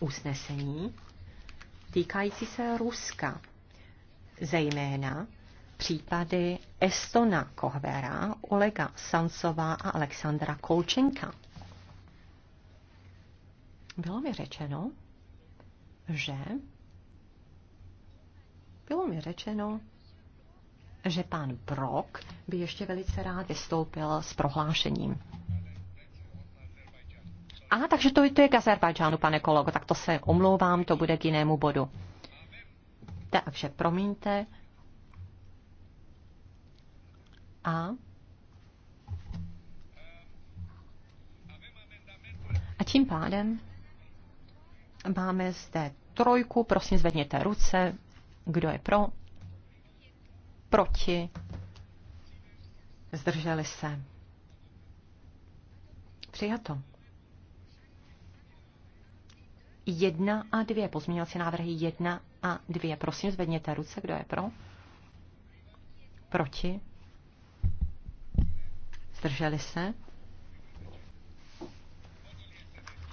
usnesení týkající se Ruska, zejména případy Estona Kohvera, Olega Sansova a Alexandra Kolčenka. Bylo mi řečeno, že bylo mi řečeno, že pan Brok by ještě velice rád vystoupil s prohlášením. A takže to, to je k Azerbajdžánu, pane kolego, tak to se omlouvám, to bude k jinému bodu. Takže promiňte. A A tím pádem máme zde trojku, prosím zvedněte ruce, kdo je pro, proti, zdrželi se. Přijato. 1 a 2. Pozměňovací návrhy 1 a 2. Prosím, zvedněte ruce, kdo je pro. Proti. Zdrželi se.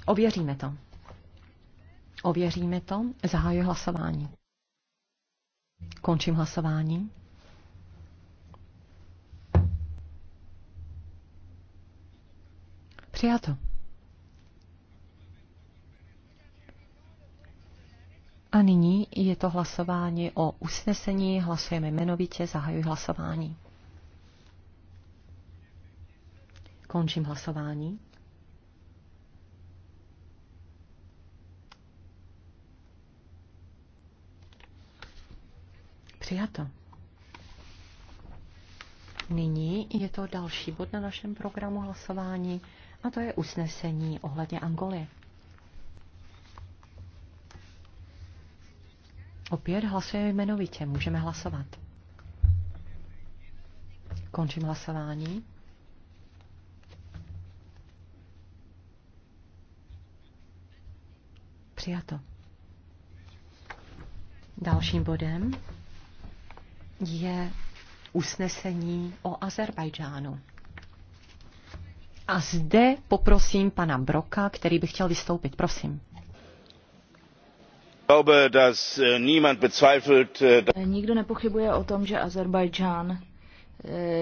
Ověříme to. Ověříme to. Zahajuji hlasování. Končím hlasování. Přijato. A nyní je to hlasování o usnesení. Hlasujeme jmenovitě. Zahajuji hlasování. Končím hlasování. Přijato. Nyní je to další bod na našem programu hlasování a to je usnesení ohledně Angolie. Opět hlasujeme jmenovitě. Můžeme hlasovat. Končím hlasování. Přijato. Dalším bodem je usnesení o Azerbajdžánu. A zde poprosím pana Broka, který by chtěl vystoupit. Prosím. Äh, äh, Nikdo nepochybuje o tom, že Azerbajdžán äh,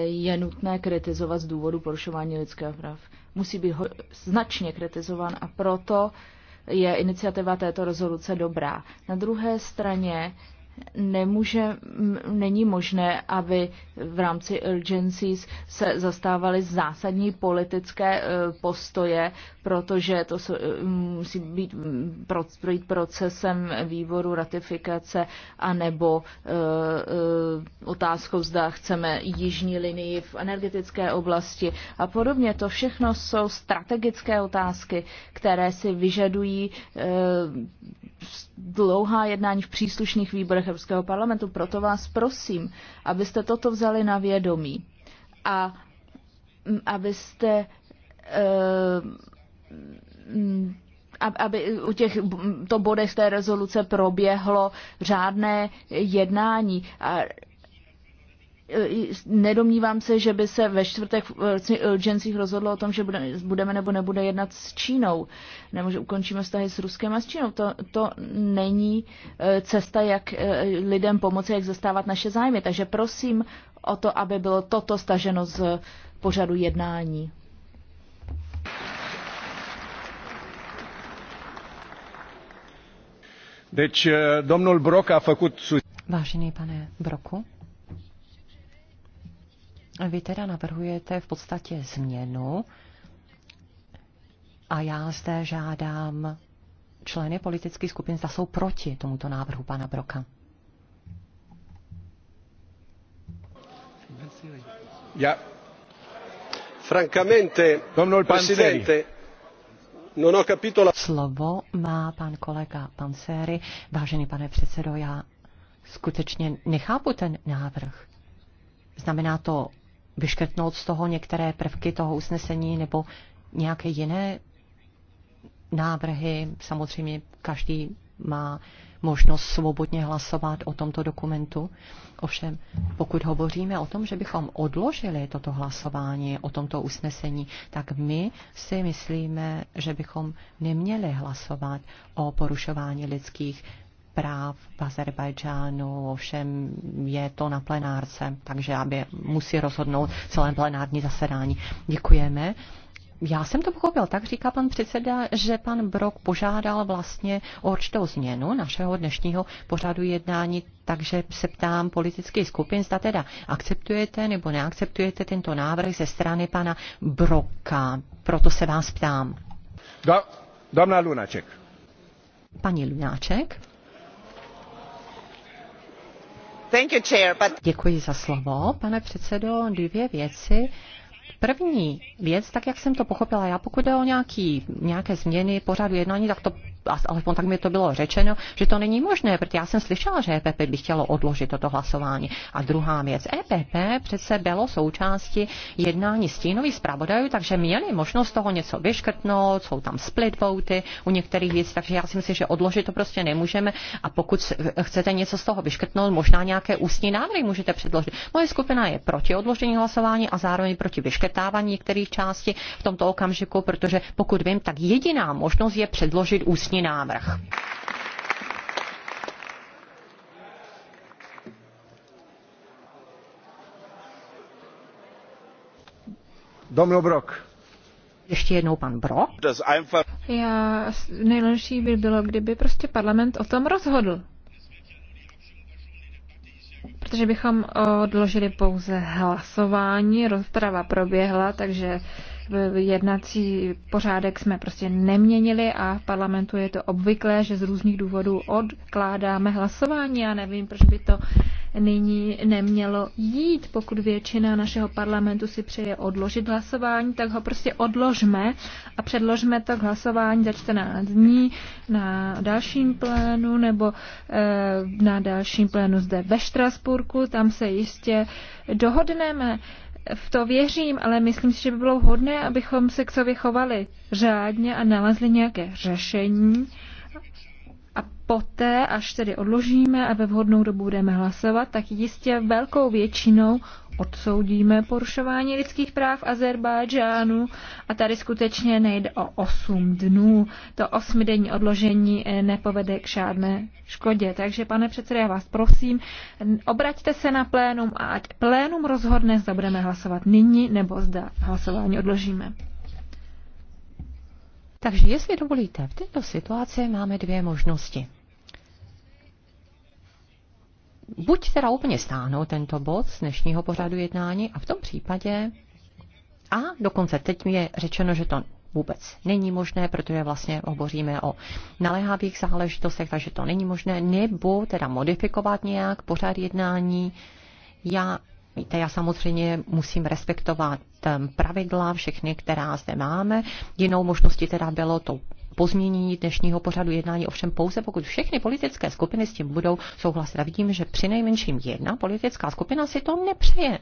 je nutné kritizovat z důvodu porušování lidských práv. Musí být značně kritizován a proto je iniciativa této rezoluce dobrá. Na druhé straně nemůže, není možné, aby v rámci urgencies se zastávaly zásadní politické e, postoje, protože to e, musí být projít procesem výboru ratifikace a nebo e, otázkou, zda chceme jižní linii v energetické oblasti a podobně. To všechno jsou strategické otázky, které si vyžadují dlouhá jednání v příslušných výborech Evropského parlamentu. Proto vás prosím, abyste toto vzali na vědomí a abyste eh, aby u těch to bodech té rezoluce proběhlo řádné jednání. A Eh, nedomnívám se, že by se ve čtvrtek v eh, urgencích rozhodlo o tom, že budeme nebo nebude jednat s Čínou, nebo že ukončíme vztahy s Ruskem a s Čínou. To, to není eh, cesta, jak lidem pomoci, jak zastávat naše zájmy. Takže prosím o to, aby bylo toto staženo z pořadu jednání. Deci, domnul Broc a făcut... Vážený pane Broku, vy teda navrhujete v podstatě změnu a já zde žádám členy politických skupin, zda jsou proti tomuto návrhu pana Broka. Já Francamente, presidente, non ho capito la... Slovo má pan kolega Panseri. Vážený pane předsedo, já skutečně nechápu ten návrh. Znamená to vyškrtnout z toho některé prvky toho usnesení nebo nějaké jiné návrhy. Samozřejmě každý má možnost svobodně hlasovat o tomto dokumentu. Ovšem, pokud hovoříme o tom, že bychom odložili toto hlasování o tomto usnesení, tak my si myslíme, že bychom neměli hlasovat o porušování lidských práv v Azerbajdžánu, ovšem je to na plenárce, takže aby musí rozhodnout celé plenární zasedání. Děkujeme. Já jsem to pochopil, tak říká pan předseda, že pan Brok požádal vlastně o určitou změnu našeho dnešního pořadu jednání, takže se ptám politických skupin, zda teda akceptujete nebo neakceptujete tento návrh ze strany pana Broka. Proto se vás ptám. Da, na Lunáček. Paní Lunáček. Děkuji za slovo, pane předsedo. Dvě věci. První věc, tak jak jsem to pochopila, já pokud jde o nějaký, nějaké změny pořadu jednání, tak to alespoň tak mi to bylo řečeno, že to není možné, protože já jsem slyšela, že EPP by chtělo odložit toto hlasování. A druhá věc, EPP přece bylo součástí jednání stínových zpravodajů, takže měli možnost toho něco vyškrtnout, jsou tam split voty u některých věcí, takže já si myslím, že odložit to prostě nemůžeme a pokud chcete něco z toho vyškrtnout, možná nějaké ústní návrhy můžete předložit. Moje skupina je proti odložení hlasování a zároveň proti vyškrtávání některých částí v tomto okamžiku, protože pokud vím, tak jediná možnost je předložit ústní komplexní návrh. Domnul Brok. Ještě jednou pan Brok. Já, nejlepší by bylo, kdyby prostě parlament o tom rozhodl. Protože bychom odložili pouze hlasování, rozprava proběhla, takže jednací pořádek jsme prostě neměnili a v parlamentu je to obvyklé, že z různých důvodů odkládáme hlasování. Já nevím, proč by to nyní nemělo jít. Pokud většina našeho parlamentu si přeje odložit hlasování, tak ho prostě odložme a předložme to k hlasování za 14 dní na dalším plénu nebo eh, na dalším plénu zde ve Štrasburku. Tam se jistě dohodneme v to věřím, ale myslím si, že by bylo vhodné, abychom se k sobě chovali řádně a nalezli nějaké řešení. A poté, až tedy odložíme a ve vhodnou dobu budeme hlasovat, tak jistě velkou většinou odsoudíme porušování lidských práv Azerbajdžánu a tady skutečně nejde o 8 dnů. To osmidenní odložení eh, nepovede k žádné škodě. Takže pane předsedo, já vás prosím, obraťte se na plénum a ať plénum rozhodne, zda budeme hlasovat nyní nebo zda hlasování odložíme. Takže jestli dovolíte, v této situaci máme dvě možnosti buď teda úplně stáhnout tento bod z dnešního pořadu jednání a v tom případě a dokonce teď mi je řečeno, že to vůbec není možné, protože vlastně hovoříme o naléhavých záležitostech, takže to není možné, nebo teda modifikovat nějak pořád jednání. Já, víte, já samozřejmě musím respektovat ehm, pravidla, všechny, která zde máme. Jinou možností teda bylo to pozměnění dnešního pořadu jednání, ovšem pouze pokud všechny politické skupiny s tím budou souhlasit. A vidím, že při nejmenším jedna politická skupina si to nepřeje.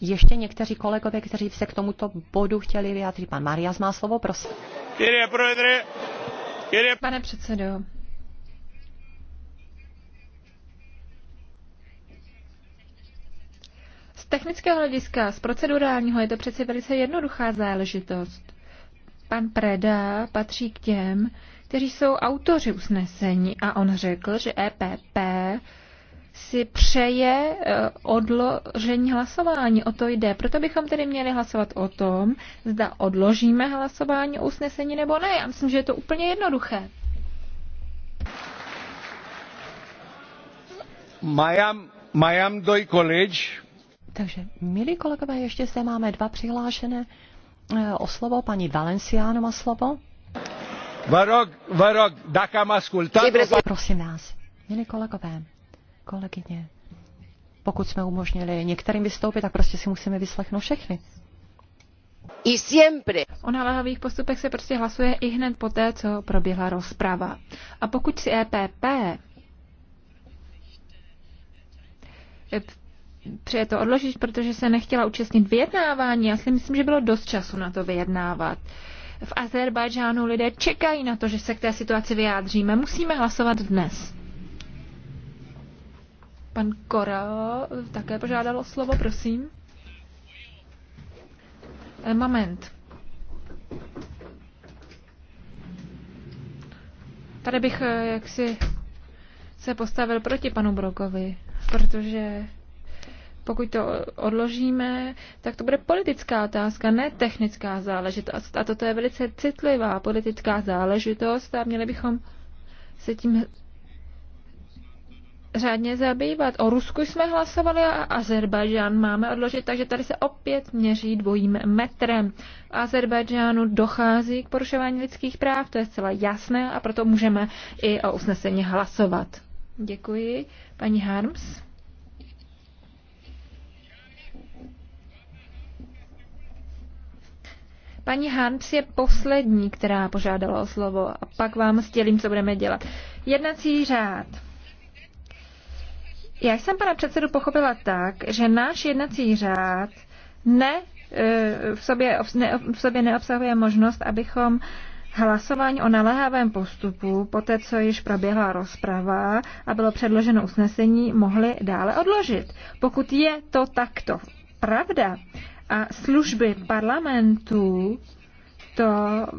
Ještě někteří kolegové, kteří se k tomuto bodu chtěli vyjádřit. Pan Marias má slovo, prosím. Pane předsedo, Z technického hlediska, z procedurálního, je to přeci velice jednoduchá záležitost. Pan Preda patří k těm, kteří jsou autoři usnesení a on řekl, že EPP si přeje eh, odložení hlasování. O to jde. Proto bychom tedy měli hlasovat o tom, zda odložíme hlasování o usnesení nebo ne. Já myslím, že je to úplně jednoduché. Majam, majam doj koleč. Takže, milí kolegové, ještě se máme dva přihlášené Eh, o slovo, paní Valenciano má slovo. Vă rog, vă rog, dacă am ascultat... Prosím vás, milí kolegové, kolegyně, pokud jsme umožnili některým vystoupit, tak prostě si musíme vyslechnout všechny. I siempre. O naléhavých postupech se prostě hlasuje i hned poté, co proběhla rozprava. A pokud si EPP přeje to odložit, protože se nechtěla účastnit vyjednávání. Já si myslím, že bylo dost času na to vyjednávat. V Azerbajdžánu lidé čekají na to, že se k té situaci vyjádříme. Musíme hlasovat dnes. Pan Kora také požádal o slovo, prosím. Eh, moment. Tady bych eh, jaksi se postavil proti panu Brokovi, protože pokud to odložíme, tak to bude politická otázka, ne technická záležitost. A toto je velice citlivá politická záležitost a měli bychom se tím řádně zabývat. O Rusku jsme hlasovali a Azerbajdžán máme odložit, takže tady se opět měří dvojím metrem. V Azerbajdžánu dochází k porušování lidských práv, to je zcela jasné a proto můžeme i o usnesení hlasovat. Děkuji. Paní Harms. Paní Hans je poslední, která požádala o slovo a pak vám sdělím, co budeme dělat. Jednací řád. Já jsem pana předsedu pochopila tak, že náš jednací řád ne, e, v, sobě, ne, v sobě neobsahuje možnost, abychom hlasování o naléhavém postupu, poté co již proběhla rozprava a bylo předloženo usnesení, mohli dále odložit. Pokud je to takto pravda a služby parlamentu to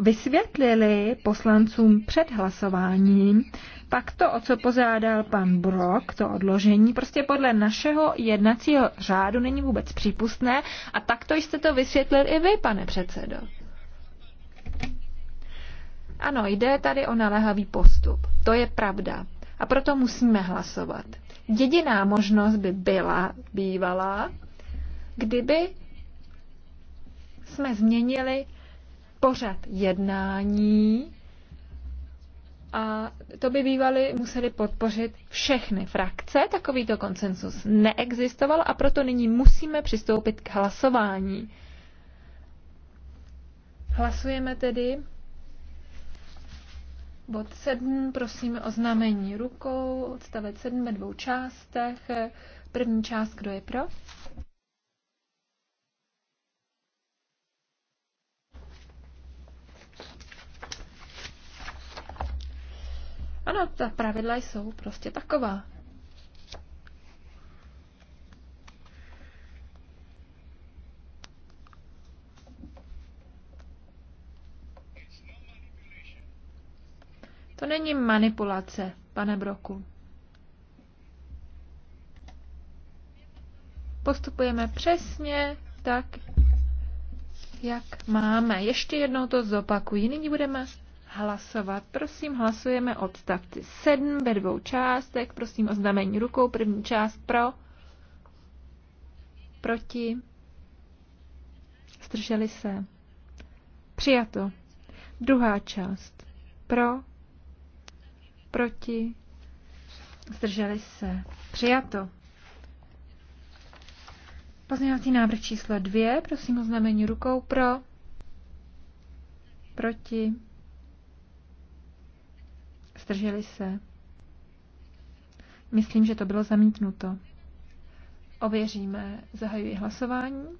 vysvětlili poslancům před hlasováním, pak to, o co pozádal pan Brok, to odložení, prostě podle našeho jednacího řádu není vůbec přípustné a takto jste to vysvětlil i vy, pane předsedo. Ano, jde tady o naléhavý postup. To je pravda. A proto musíme hlasovat. Jediná možnost by byla bývalá, kdyby jsme změnili pořad jednání a to by bývali museli podpořit všechny frakce. Takovýto koncensus neexistoval a proto nyní musíme přistoupit k hlasování. Hlasujeme tedy bod 7, prosím o znamení rukou, odstavec 7 ve dvou částech. První část, kdo je pro? Ano, ta pravidla jsou prostě taková. To není manipulace, pane Broku. Postupujeme přesně tak, jak máme. Ještě jednou to zopakuji. Nyní budeme hlasovat. Prosím, hlasujeme odstavci 7 ve dvou částek. Prosím o znamení rukou. První část pro, proti, zdrželi se. Přijato. Druhá část. Pro, proti, zdrželi se. Přijato. Pozměňovací návrh číslo 2. Prosím o znamení rukou pro, proti, Zdrželi se? Myslím, že to bylo zamítnuto. Ověříme. Zahajuji hlasování.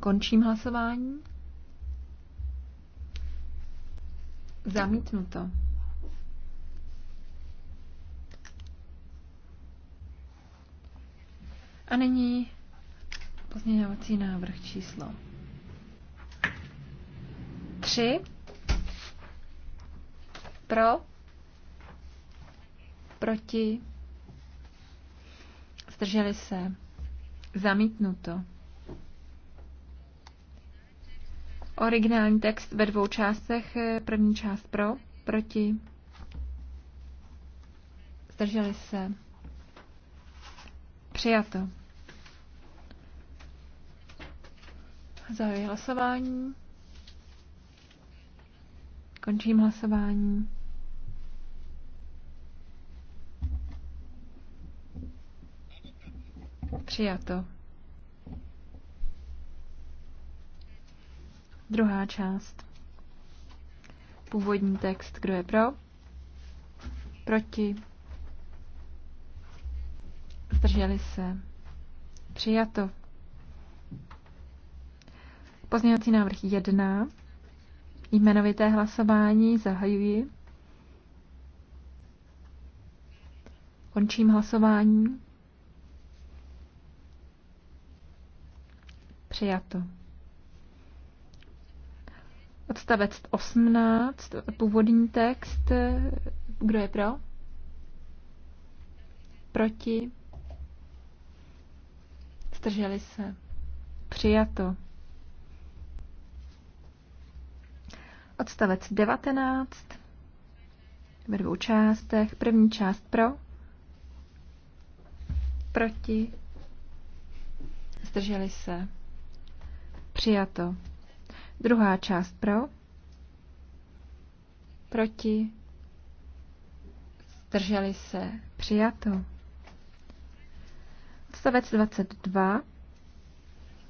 Končím hlasování. Zamítnuto. A nyní Pozměňovací návrh číslo 3. Pro. Proti. Zdrželi se. Zamítnuto. Originální text ve dvou částech. První část pro, proti. Zdrželi se. Přijato. Zahajuji hlasování. Končím hlasování. Přijato. Druhá část. Původní text. Kdo je pro? Proti? Zdrželi se. Přijato. Pozměňovací návrh 1. Jmenovité hlasování zahajuji. Končím hlasování. Přijato. Odstavec 18, původní text. Kdo je pro? Proti? Zdrželi se. Přijato. Odstavec 19 ve dvou částech. První část pro, proti, zdrželi se, přijato. Druhá část pro, proti, zdrželi se, přijato. Odstavec 22.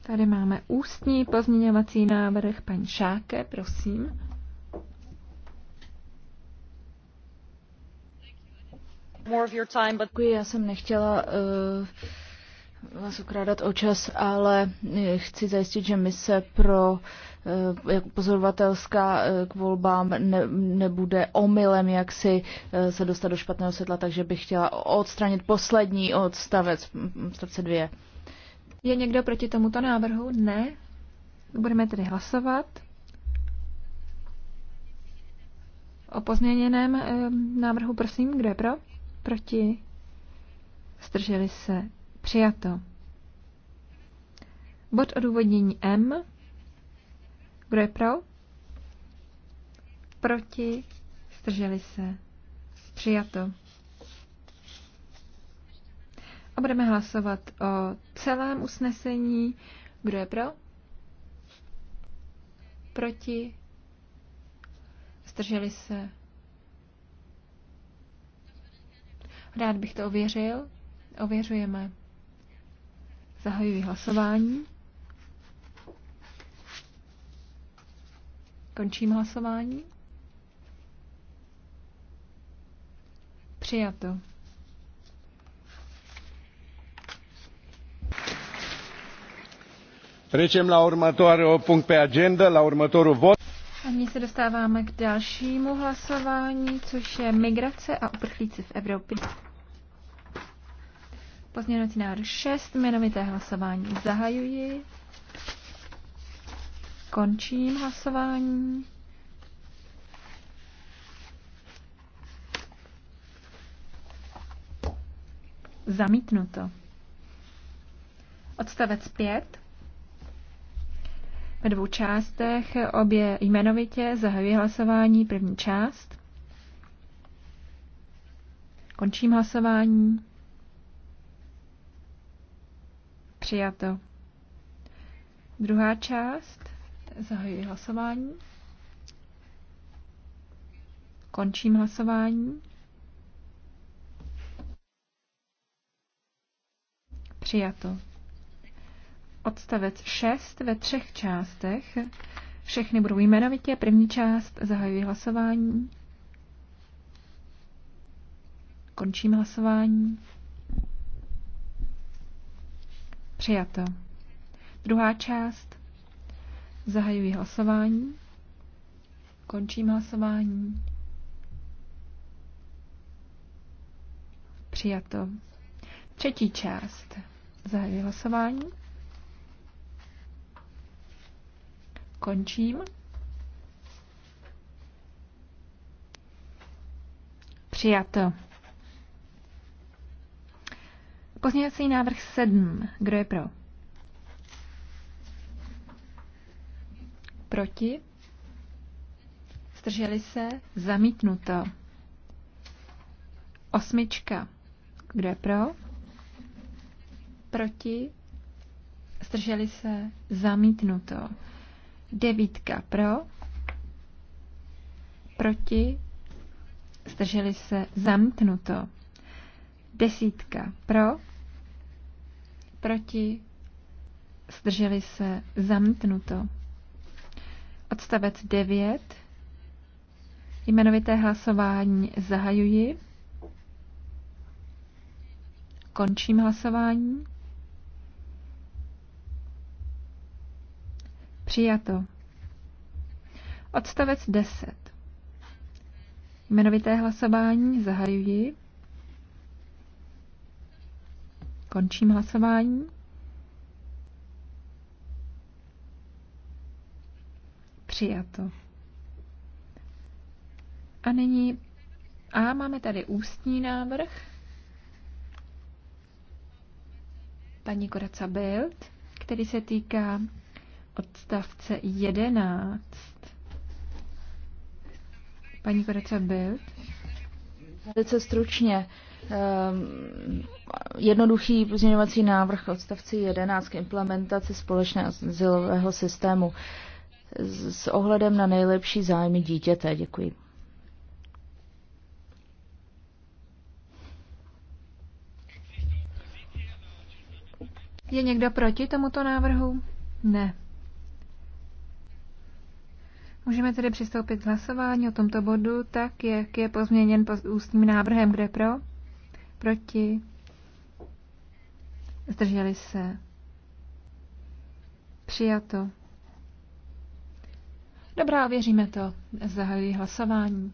Tady máme ústní pozměňovací návrh. Paní Šáke, prosím. Děkuji, já jsem nechtěla uh, vás okrádat o čas, ale eh, chci zajistit, že my se pro jako pozorovatelská k volbám ne, nebude omylem, jak si se dostat do špatného světla, takže bych chtěla odstranit poslední odstavec, odstavce dvě. Je někdo proti tomuto návrhu? Ne. Budeme tedy hlasovat. O pozměněném návrhu, prosím, kdo je pro? Proti? Zdrželi se. Přijato. Bod odůvodnění M. Kdo je pro? Proti? Zdrželi se. Přijato. A budeme hlasovat o celém usnesení. Kdo je pro? Proti? Zdrželi se. Rád bych to ověřil. Ověřujeme. Zahajuji hlasování. Končím hlasování. Přijato. Trecem la o punct pe agenda, la următorul vot. A nyní se dostáváme k dalšímu hlasování, což je migrace a uprchlíci v Evropě. Pozměňovací návrh 6, jmenovité hlasování zahajuji. Končím hlasování. Zamítnuto. Odstavec 5. Ve dvou částech obě jmenovitě zahajuji hlasování. První část. Končím hlasování. Přijato. Druhá část. Zahajuji hlasování. Končím hlasování. Přijato. Odstavec 6 ve třech částech. Všechny budou jmenovitě. První část zahajuji hlasování. Končím hlasování. Přijato. Druhá část. Zahajuji hlasování. Končím hlasování. Přijato. Třetí část. Zahajuji hlasování. Končím. Přijato. Pozměňovací návrh 7. Kdo je pro? Proti? Zdrželi se? Zamítnuto. Osmička. Kdo je pro? Proti? Zdrželi se? Zamítnuto. Devítka pro? Proti? Zdrželi se? Zamítnuto. Desítka pro? proti, zdrželi se, zamítnuto. Odstavec 9. Jmenovité hlasování zahajuji. Končím hlasování. Přijato. Odstavec 10. Jmenovité hlasování zahajuji. Končím hlasování. Přijato. A nyní a máme tady ústní návrh. Paní Koraca Bild, který se týká odstavce 11. Paní Koraca Bild. Velice stručně. Ehm, jednoduchý pozměňovací návrh odstavci 11 k implementaci společného azylového systému s ohledem na nejlepší zájmy dítěte. Děkuji. Je někdo proti tomuto návrhu? Ne. Můžeme tedy přistoupit k hlasování o tomto bodu tak, jak je pozměněn ústním návrhem. Kde pro? Proti? Zdrželi se? Přijato. Dobrá, věříme to. Zahajuji hlasování.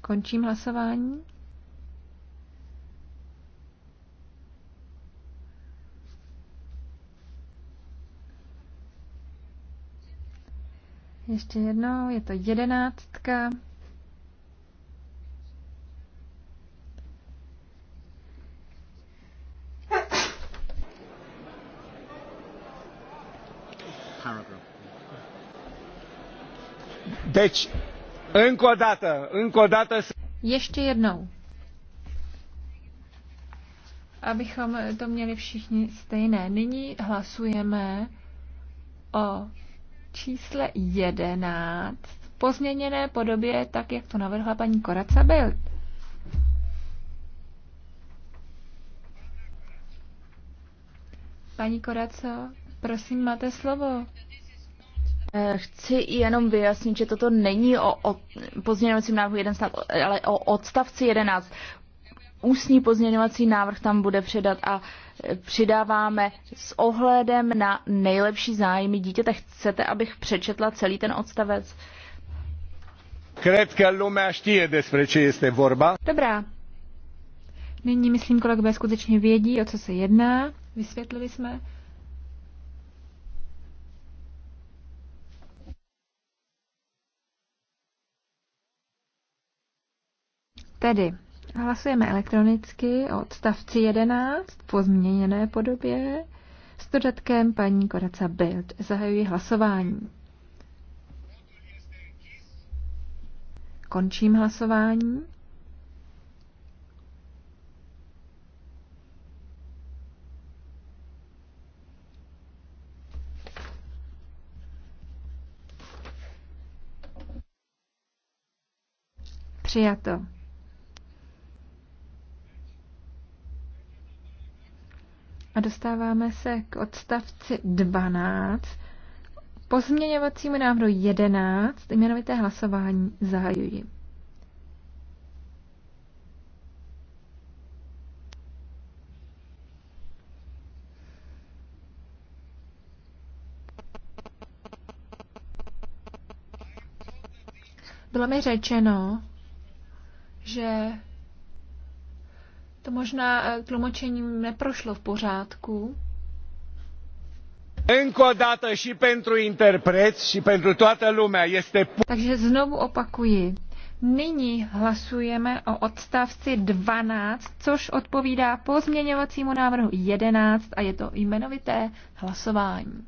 Končím hlasování. Ještě jednou, je to jedenáctka. Deci, încă o dată, încă o dată... Ještě jednou. Abychom to měli všichni stejné. Nyní hlasujeme o čísle 11 v pozměněné podobě, tak jak to navrhla paní Koraca byl. Paní Koraco, prosím, máte slovo. Eh, chci jenom vyjasnit, že toto není o, o pozměňovacím návrhu 11, ale o odstavci 11. Ústní pozměňovací návrh tam bude přidat a eh, přidáváme s ohledem na nejlepší zájmy dítěte. Chcete, abych přečetla celý ten odstavec? Cred că lumea știe despre ce este vorba. Dobrá. Nyní, myslím, kolegové skutečně vědí, o co se jedná. Vysvětlili jsme. Tedy hlasujeme elektronicky o odstavci 11 po změněné podobě s dodatkem paní Koraca Bild. Zahajuji hlasování. Končím hlasování. Přijato. A dostáváme se k odstavci 12. Pozměňovacímu návrhu 11 jmenovité hlasování zahajuji. Bylo mi řečeno, že to možná eh, tlumočením neprošlo v pořádku. Takže znovu opakuji. Nyní hlasujeme o odstavci 12, což odpovídá pozměňovacímu návrhu 11 a je to jmenovité hlasování.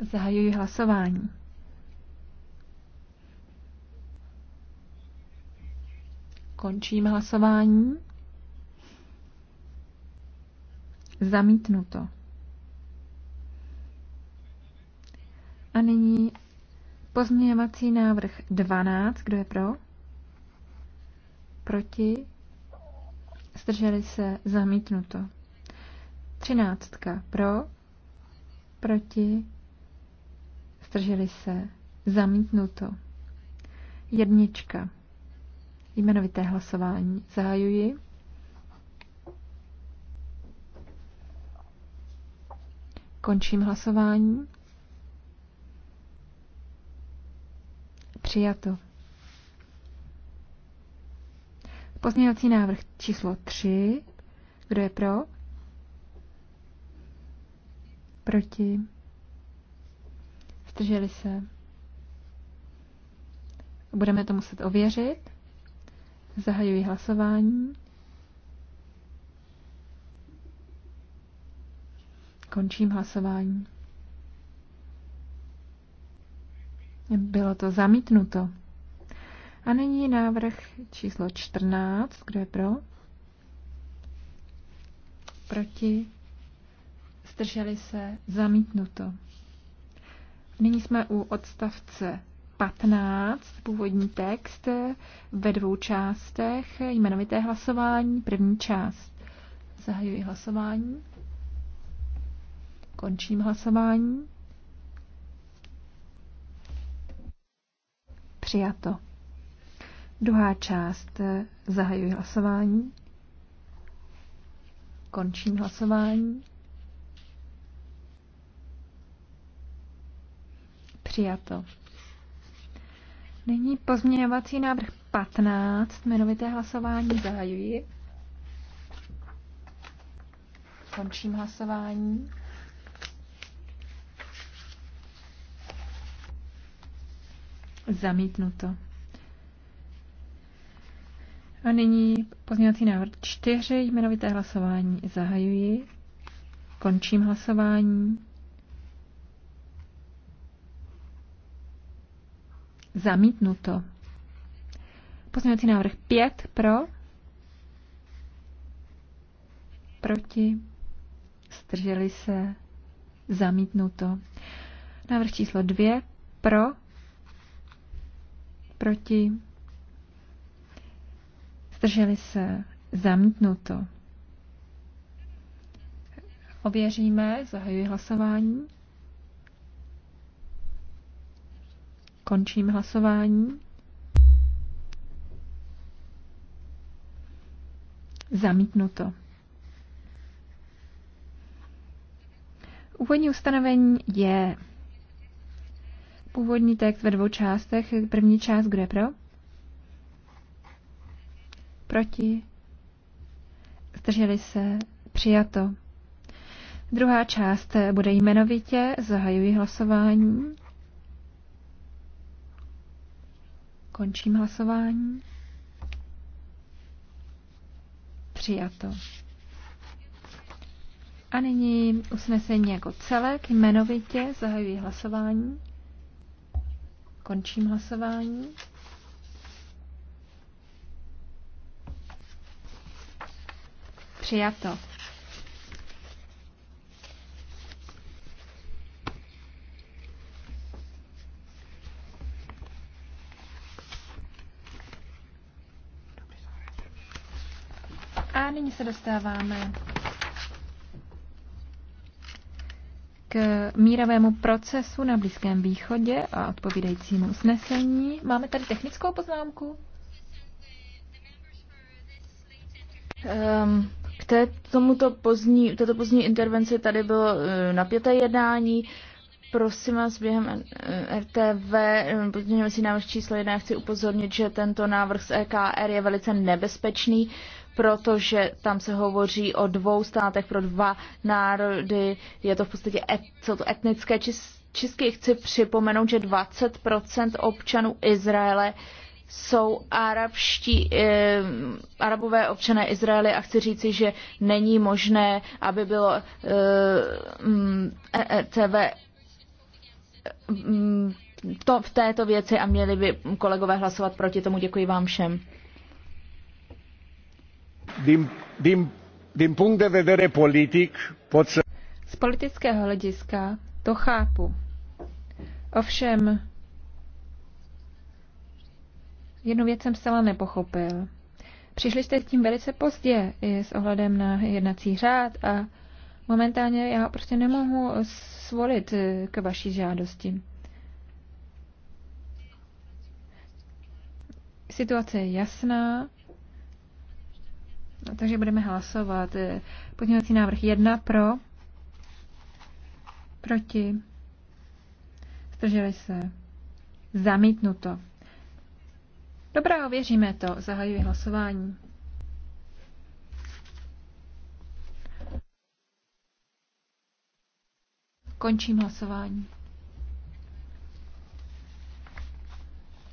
Zahajuji hlasování. Končím hlasování. Zamítnuto. A nyní pozměňovací návrh 12. Kdo je pro? Proti? Zdrželi se? Zamítnuto. 13. Pro? Proti? Zdrželi se? Zamítnuto. Jednička. Jmenovité hlasování zahajuji. Končím hlasování. Přijato. Pozměňovací návrh číslo 3. Kdo je pro? Proti? Zdrželi se? Budeme to muset ověřit. Zahajuji hlasování. Končím hlasování. Bylo to zamítnuto. A nyní návrh číslo 14. Kdo je pro? Proti? Zdrželi se? Zamítnuto. Nyní jsme u odstavce 15, původní text, ve dvou částech, jmenovité hlasování, první část. Zahajuji hlasování. Končím hlasování. Přijato. Druhá část. Zahajuji hlasování. Končím hlasování. Přijato. Nyní pozměňovací návrh 15, jmenovité hlasování zahajuji. Končím hlasování. Zamítnuto. A nyní pozměňovací návrh 4, jmenovité hlasování zahajuji. Končím hlasování. Zamítnuto. Pozměňovací návrh 5 pro. Proti. strželi se. Zamítnuto. Návrh číslo 2 pro. Proti. strželi se. Zamítnuto. Ověříme, zahajuji hlasování. Končím hlasování. Zamítnuto. Úvodní ustanovení je původní text ve dvou částech. První část, kde pro? Proti. Zdrželi se. Přijato. Druhá část bude jmenovitě. Zahajuji hlasování. Končím hlasování. Přijato. A nyní usnesení jako celek, jmenovitě zahajuji hlasování. Končím hlasování. Přijato. A nyní se dostáváme k mírovému procesu na Blízkém východě a odpovídajícímu usnesení. Máme tady technickou poznámku? Um, k té, tomuto pozdní, této pozdní intervenci tady bylo uh, napěté jednání. Uh, Prosím vás, během eh, RTV, si eh, návrh číslo 1, chci upozornit, že tento návrh z EKR je velice nebezpečný, protože tam se hovoří o dvou státech pro dva národy, je to v podstatě et, to etnické čistky. Chci připomenout, že 20% občanů Izraele jsou arabští, eh, arabové občané Izraeli a chci říci, že není možné, aby bylo eh, mm, e e TV to, v této věci a měli by kolegové hlasovat proti tomu. Děkuji vám všem. Dím dím dím, punct de vedere politik pot Z politického hlediska to chápu. Ovšem, jednu věc jsem zcela nepochopil. Přišli jste s tím velice pozdě i s ohledem na jednací řád a Momentálně já prostě nemohu svolit eh, k vaší žádosti. Situace je jasná, takže budeme hlasovat. Eh, Podněvací návrh 1 pro, proti, zdrželi se, zamítnuto. Dobrá, ověříme to. Zahajuji hlasování. Končím hlasování.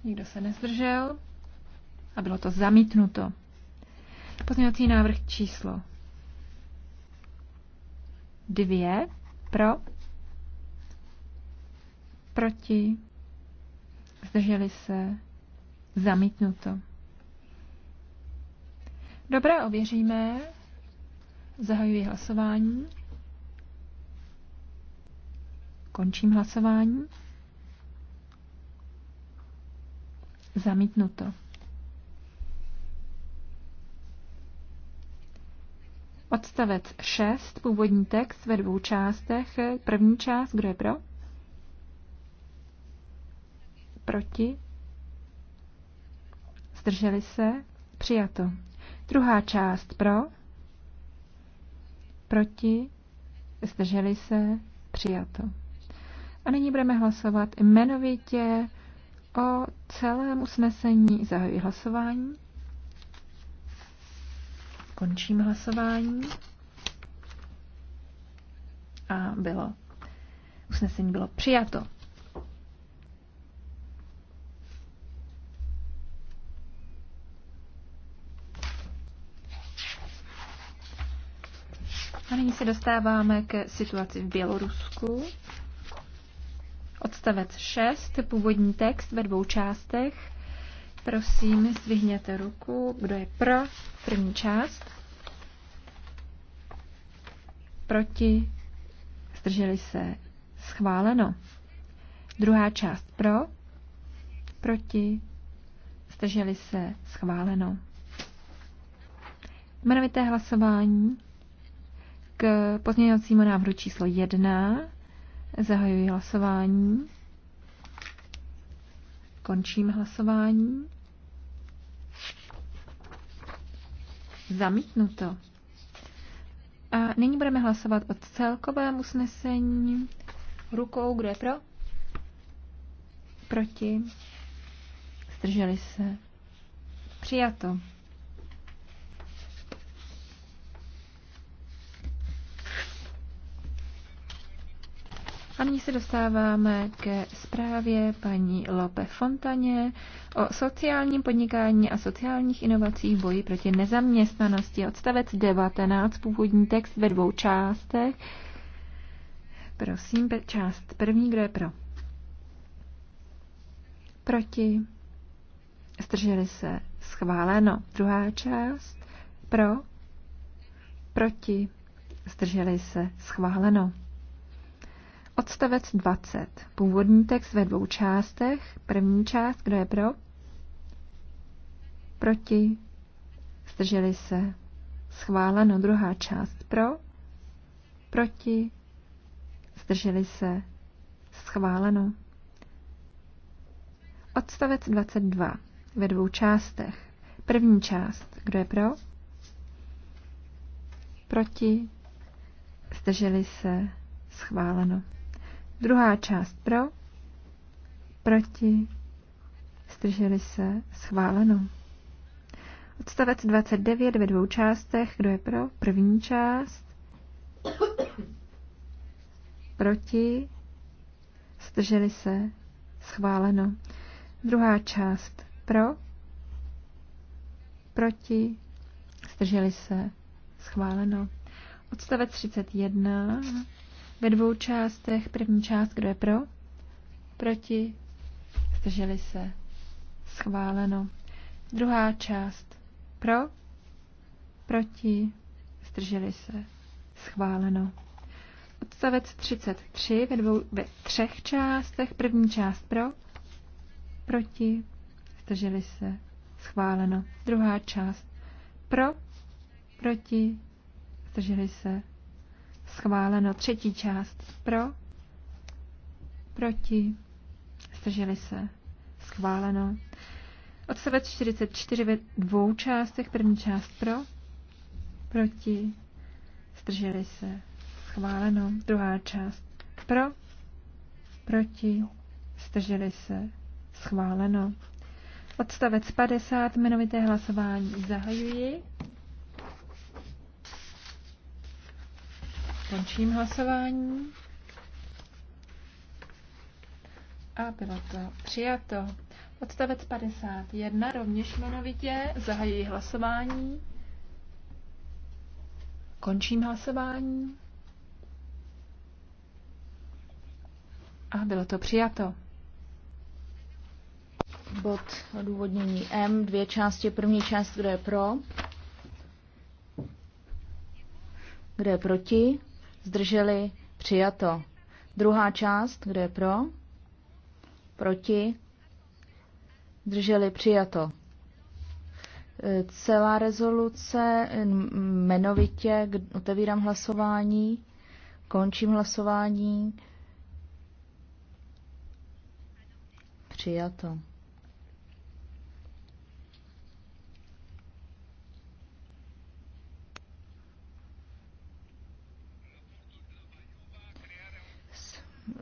Nikdo se nezdržel a bylo to zamítnuto. Pozměňovací návrh číslo dvě pro, proti, zdrželi se, zamítnuto. Dobré, ověříme. Zahajuji hlasování. Končím hlasování. Zamítnuto. Odstavec 6, původní text ve dvou částech. První část, kdo je pro? Proti? Zdrželi se? Přijato. Druhá část pro? Proti? Zdrželi se? Přijato. A nyní budeme hlasovat jmenovitě o celém usnesení. Zahajuji hlasování. Končím hlasování. A bylo. Usnesení bylo přijato. A nyní se dostáváme k situaci v Bělorusku. Odstavec 6, původní text ve dvou částech. Prosím, zdvihněte ruku, kdo je pro první část. Proti, zdrželi se, schváleno. Druhá část pro, proti, zdrželi se, schváleno. Jmenovité hlasování k pozměňovacímu návrhu číslo 1 Zahajuji hlasování. Končím hlasování. Zamítnuto. A nyní budeme hlasovat o celkovém usnesení. Rukou, kdo je pro? Proti? Zdrželi se. Přijato. A nyní se dostáváme ke zprávě paní Lope Fontaně o sociálním podnikání a sociálních inovacích v boji proti nezaměstnanosti. Odstavec 19, původní text ve dvou částech. Prosím, část první, kdo je pro? Proti? Zdrželi se? Schváleno. Druhá část? Pro? Proti? Zdrželi se? Schváleno. Odstavec 20. Původní text ve dvou částech. První část, kdo je pro? Proti. Zdrželi se. Schváleno. Druhá část pro? Proti. Zdrželi se. Schváleno. Odstavec 22. Ve dvou částech. První část. Kdo je pro? Proti. Zdrželi se. Schváleno. Druhá část pro, proti, zdrželi se, schváleno. Odstavec 29 ve dvou částech, kdo je pro, první část, proti, zdrželi se, schváleno. Druhá část pro, proti, zdrželi se, schváleno. Odstavec 31 ve dvou částech. První část, kdo je pro? Proti? Zdrželi se. Schváleno. Druhá část. Pro? Proti? Zdrželi se. Schváleno. Odstavec 33 ve, dvou, ve třech částech. První část pro? Proti? Zdrželi se. Schváleno. Druhá část. Pro? Proti? Zdrželi se. Schváleno třetí část pro, proti, Strželi se. Schváleno. Odstavec 44 ve dvou částech. První část pro, proti, Strželi se. Schváleno. Druhá část pro, proti, Strželi se. Schváleno. Odstavec 50, jmenovité hlasování zahajuji. Končím hlasování. A bylo to přijato. Odstavec 51 rovněž jmenovitě. Zahajuji hlasování. Končím hlasování. A bylo to přijato. Bod odůvodnění M, dvě části. První část, kdo je pro, kdo je proti, zdrželi, přijato. Druhá část, kde je pro, proti, zdrželi, přijato. E, celá rezoluce, jmenovitě, otevírám hlasování, končím hlasování, přijato.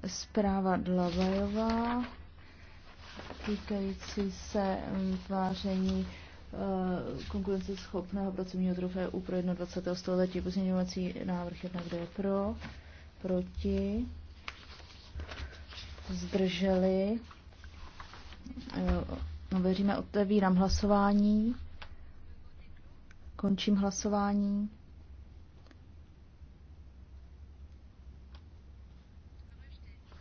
Zpráva Dlavajová týkající se um, vážení uh, konkurenceschopného pracovního trofé u pro 21. století. Pozměňovací návrh jednak je pro, proti, zdrželi. No, uh, věříme, otevírám hlasování. Končím hlasování.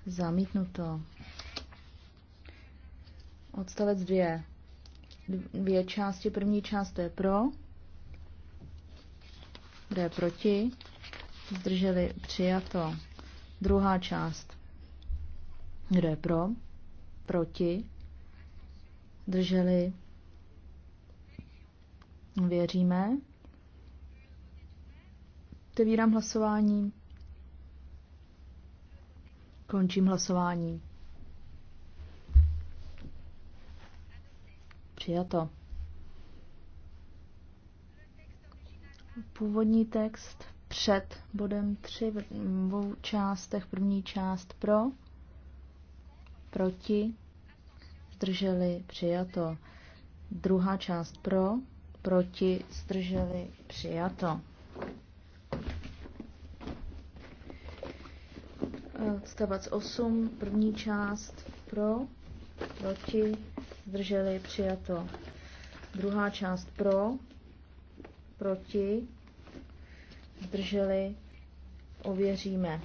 Zamítnuto. Odstavec dvě. Dvě části. První část to je pro. Kde je proti? Zdrželi přijato. Druhá část. Kde je pro? Proti? Drželi? Věříme? Otevírám hlasování. Končím hlasování. Přijato. Původní text před bodem 3 v dvou částech. První část pro, proti, zdrželi, přijato. Druhá část pro, proti, zdrželi, přijato. Odstavec 8, první část pro, proti, zdrželi, přijato. Druhá část pro, proti, zdrželi, ověříme.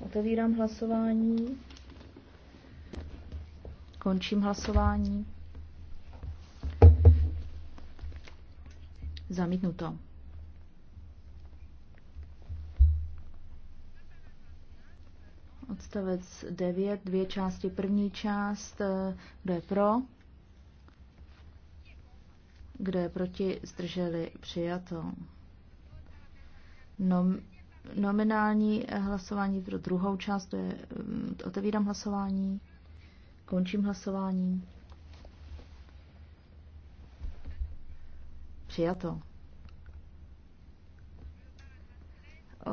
Otevírám hlasování. Končím hlasování. Zamítnuto. Odstavec 9, dvě části. První část, eh, kdo je pro, kdo je proti, zdrželi přijato. Nom, nominální eh, hlasování pro druhou část, to je, mm, otevírám hlasování, končím hlasování. Přijato.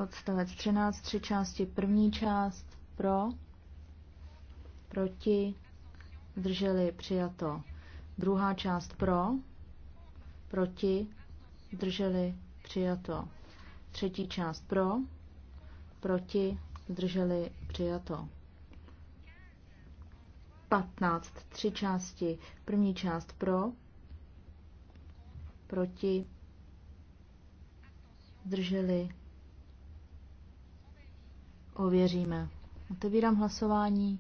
Odstavec 13, tři části, první část pro, proti, zdrželi přijato. Druhá část pro, proti, zdrželi přijato. Třetí část pro, proti, zdrželi přijato. 15. Tři části. První část pro, proti, zdrželi. Ověříme. Otevírám hlasování.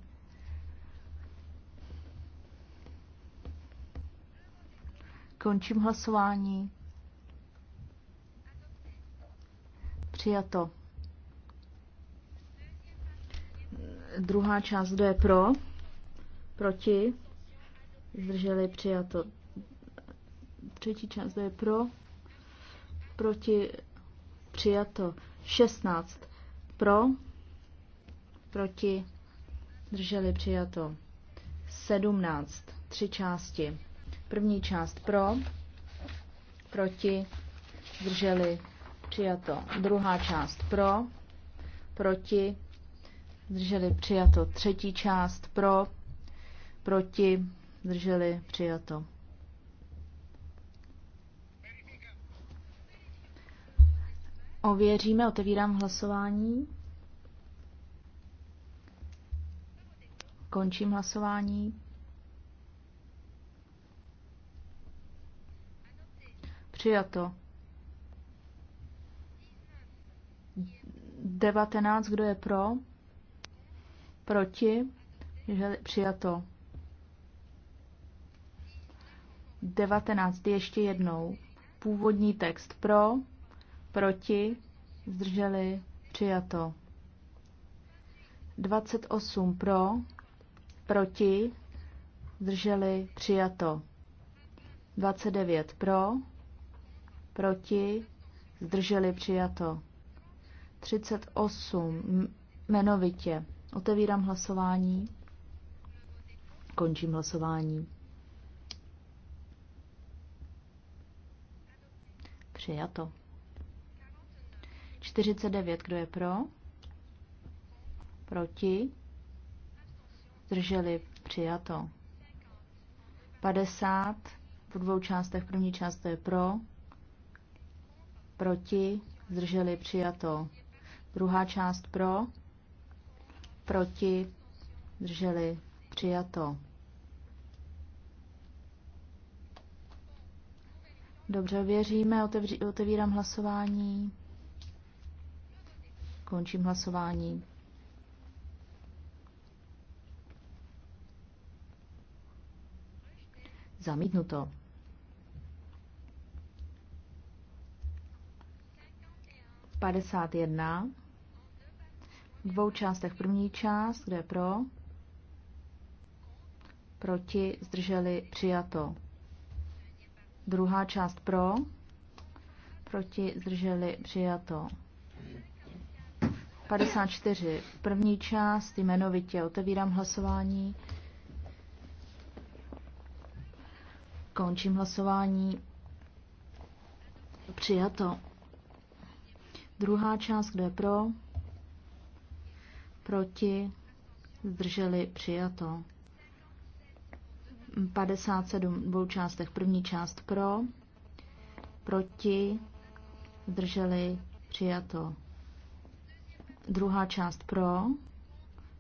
Končím hlasování. Přijato. Druhá část, kdo je pro? Proti? Zdrželi přijato. Třetí část, kdo je pro? Proti? Přijato. 16. Pro? proti, drželi přijato. 17, tři části. První část pro, proti, drželi přijato. Druhá část pro, proti, drželi přijato. Třetí část pro, proti, drželi přijato. Ověříme, otevírám hlasování. Končím hlasování. Přijato. 19, kdo je pro? Proti? Přijato. 19, ještě jednou. Původní text pro, proti, zdrželi, přijato. 28 pro, proti, zdrželi, přijato. 29 pro, proti, zdrželi, přijato. 38 jmenovitě. Otevírám hlasování. Končím hlasování. Přijato. 49, kdo je pro? Proti? zdrželi, přijato. 50 V dvou částech, první část to je pro, proti, zdrželi, přijato. Druhá část pro, proti, zdrželi, přijato. Dobře, věříme, otevří, otevírám hlasování. Končím hlasování. Zamítnuto. 51. V dvou částech. První část, kde pro, proti, zdrželi, přijato. Druhá část pro, proti, zdrželi, přijato. 54. První část jmenovitě otevírám hlasování. Končím hlasování. Přijato. Druhá část, kdo je pro? Proti? Zdrželi? Přijato. 57 dvou částech. První část pro, proti, zdrželi, přijato. Druhá část pro,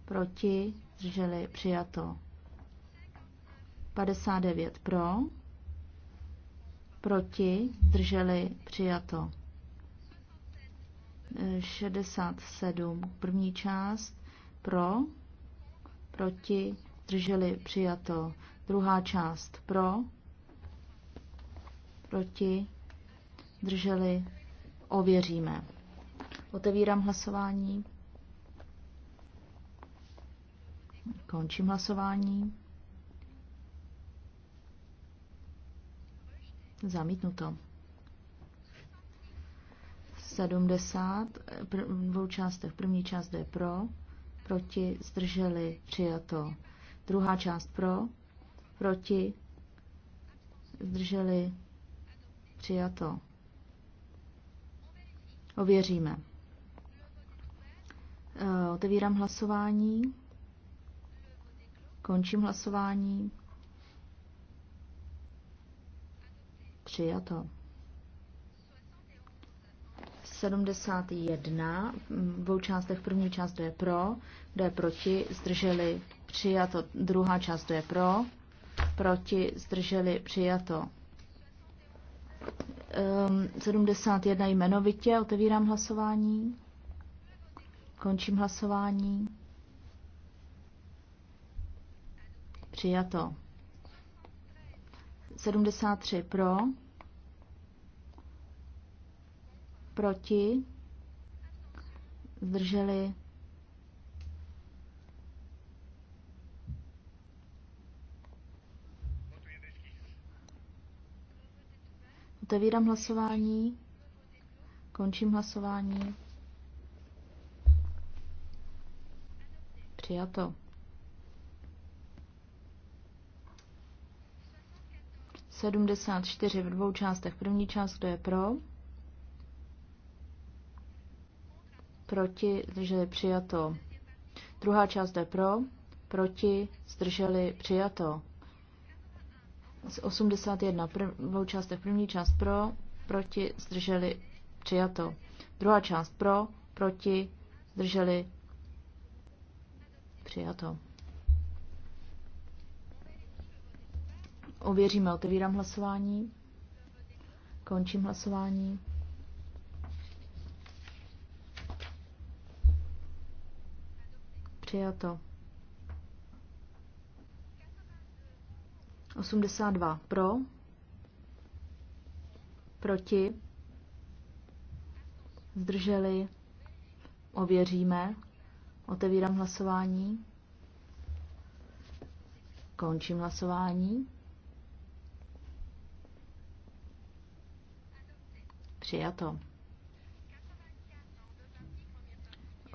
proti, zdrželi, přijato. 59 pro, proti, zdrželi, přijato. 67, eh, první část, pro, proti, zdrželi, přijato. Druhá část, pro, proti, drželi. ověříme. Otevírám hlasování. Končím hlasování. Zamítnuto. 70 v dvou částech. První část je pro, proti, zdrželi, přijato. Druhá část pro, proti, zdrželi, přijato. Ověříme. Eh, otevírám hlasování. Končím hlasování. Přijato. 71 v dvou částech. První část, je pro, kdo je proti, zdrželi přijato. Druhá část, je pro, proti, zdrželi přijato. Um, ehm, 71 jmenovitě, otevírám hlasování. Končím hlasování. Přijato. 73 pro, proti, zdrželi Otevírám hlasování. Končím hlasování. Přijato. 74 v dvou částech. První část, kdo je pro? Proti, zdrželi přijato. Druhá část, kdo je pro? Proti, zdrželi přijato. Z 81 v dvou částech. První část pro, proti, zdrželi přijato. Druhá část pro, proti, zdrželi přijato. Ověříme, otevírám hlasování. Končím hlasování. Přijato. 82 pro, proti, zdrželi, ověříme, otevírám hlasování, končím hlasování. Přijato.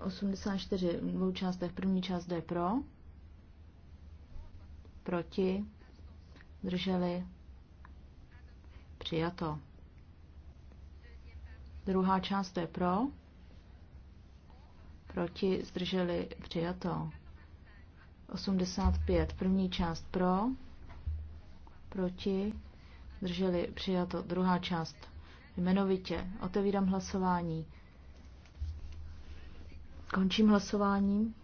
84 v dvou částech. První část jde pro. Proti. Drželi. Přijato. Druhá část je pro. Proti zdrželi přijato. 85. První část pro. Proti zdrželi přijato. Druhá část jmenovitě. Otevírám hlasování. Končím hlasování.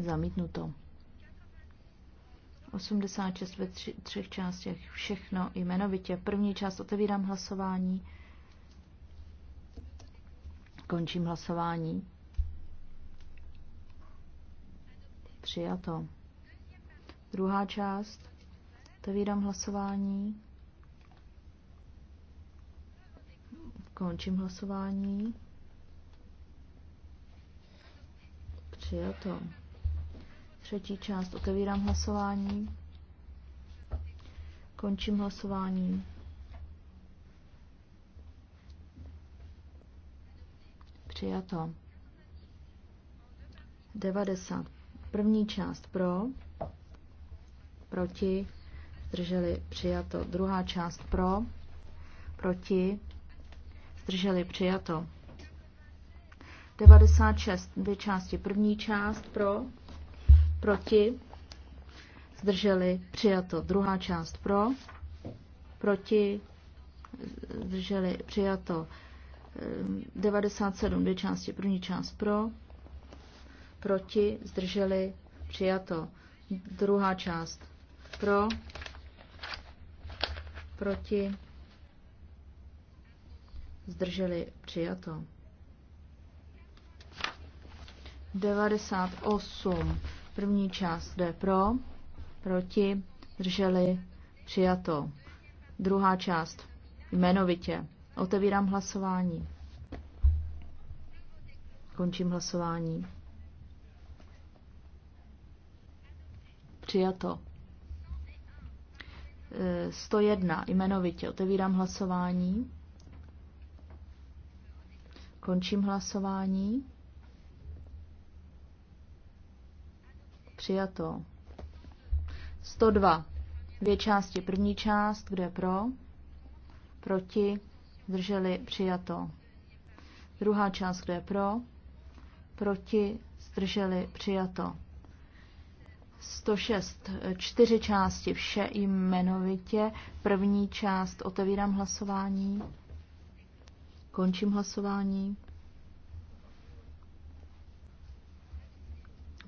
Zamítnuto. 86 ve tři, třech částech. Všechno jmenovitě. První část otevírám hlasování. Končím hlasování. Přijato. Druhá část. Otevírám hlasování. Končím hlasování. Přijato. Třetí část. Otevírám hlasování. Končím hlasování. Přijato. 90. První část pro, proti, zdrželi přijato. Druhá část pro, proti, zdrželi přijato. 96, dvě části. První část pro, proti, zdrželi přijato. Druhá část pro, proti, zdrželi přijato. 97, dvě části. První část pro, proti, zdrželi přijato. Druhá část pro, proti, zdrželi přijato. 98. První část jde pro, proti, zdrželi přijato. Druhá část jmenovitě. Otevírám hlasování. Končím hlasování. Přijato. 101 jmenovitě. Otevírám hlasování. Končím hlasování. Přijato. 102. Dvě části. První část, kde pro, proti, zdrželi, přijato. Druhá část, kde pro, proti, zdrželi, přijato. 106, čtyři části, vše jmenovitě. První část, otevírám hlasování, končím hlasování.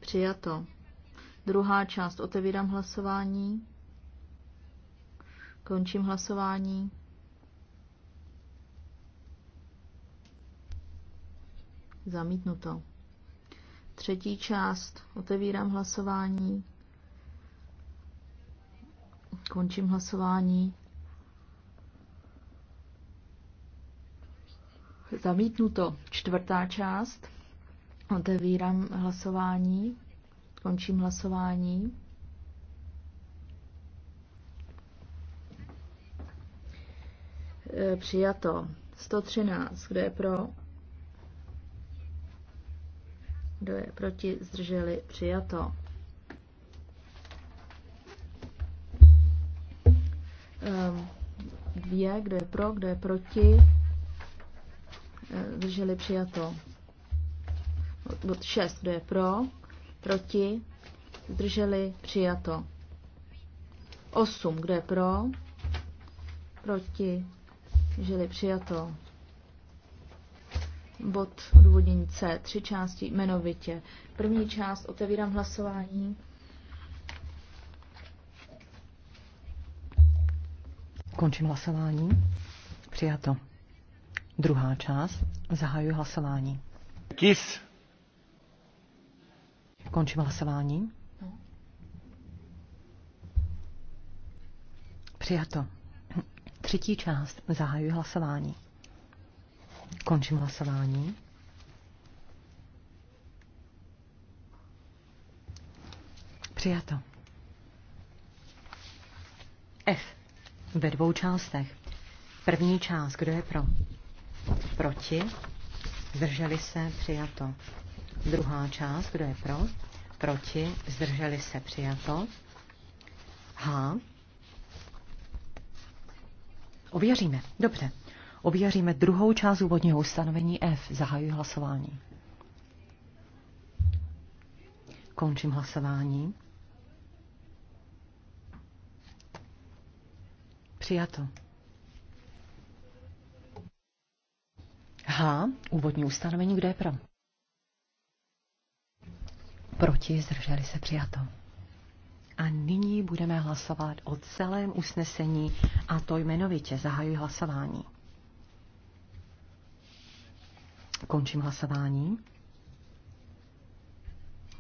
Přijato. Druhá část, otevírám hlasování, končím hlasování. Zamítnuto. Třetí část. Otevírám hlasování. Končím hlasování. Zamítnuto. Čtvrtá část. Otevírám hlasování. Končím hlasování. E, přijato. 113. Kdo je pro? Kdo je proti? Zdrželi? Přijato. Ehm, dvě. Kdo je pro? Kdo je proti? Ehm, zdrželi? Přijato. Bod šest, Kdo je pro? Proti? Zdrželi? Přijato. Osm, Kdo je pro? Proti? Zdrželi? Přijato bod odůvodnění C, tři části jmenovitě. První část otevírám hlasování. Končím hlasování. Přijato. Druhá část. Zahajuji hlasování. Kis. Končím hlasování. No. Přijato. Třetí část. Zahajuji hlasování. Končím hlasování. Přijato. F. Ve dvou částech. První část, kdo je pro? Proti. Zdrželi se, přijato. Druhá část, kdo je pro? Proti. Zdrželi se, přijato. H. Ověříme. Dobře. Ověříme druhou část úvodního ustanovení F. Zahajuji hlasování. Končím hlasování. Přijato. H. Úvodní ustanovení, Kdo je pro? Proti, zdrželi se přijato. A nyní budeme hlasovat o celém usnesení a to jmenovitě zahajuji hlasování. Končím hlasování.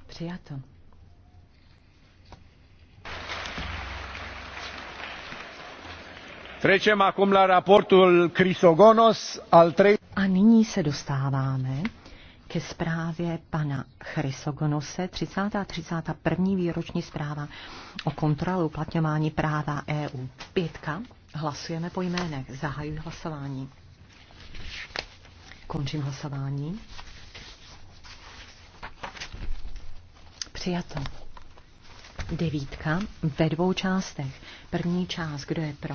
Přijato. Trecem acum la raportul Crisogonos al trei... A nyní se dostáváme ke zprávě pana Chrysogonose 30. a 31. výroční zpráva o kontrole uplatňování práva EU. Pětka. Hlasujeme po jménech. Zahajuji hlasování. Končím hlasování. Přijato. Devítka ve dvou částech. První část, kdo je pro,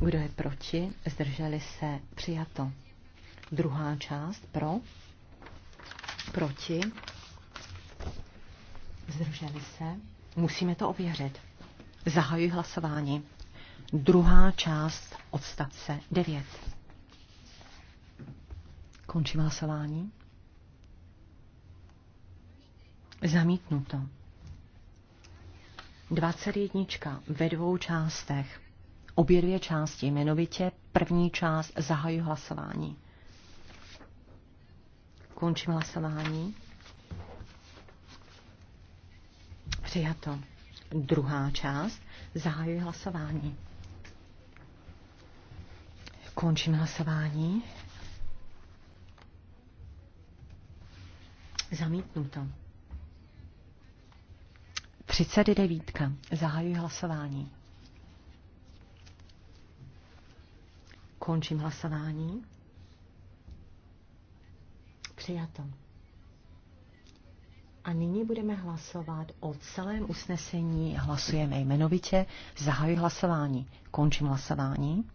kdo je proti, zdrželi se, přijato. Druhá část, pro, proti, zdrželi se. Musíme to ověřit. Zahajuji hlasování. Druhá část odstavce 9. Končím hlasování. Zamítnuto. 21. ve dvou částech. Obě dvě části, jmenovitě první část zahajuji hlasování. Končím hlasování. Přijato. Druhá část. Zahajuji hlasování. Končím hlasování. Zamítnuto. 39. Zahajuji hlasování. Končím hlasování. Přijato. A nyní budeme hlasovat o celém usnesení. Hlasujeme jmenovitě. Zahajuji hlasování. Končím hlasování.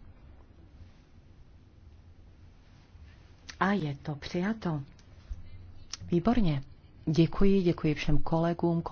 A je to přijato. Výborně. Děkuji, děkuji všem kolegům.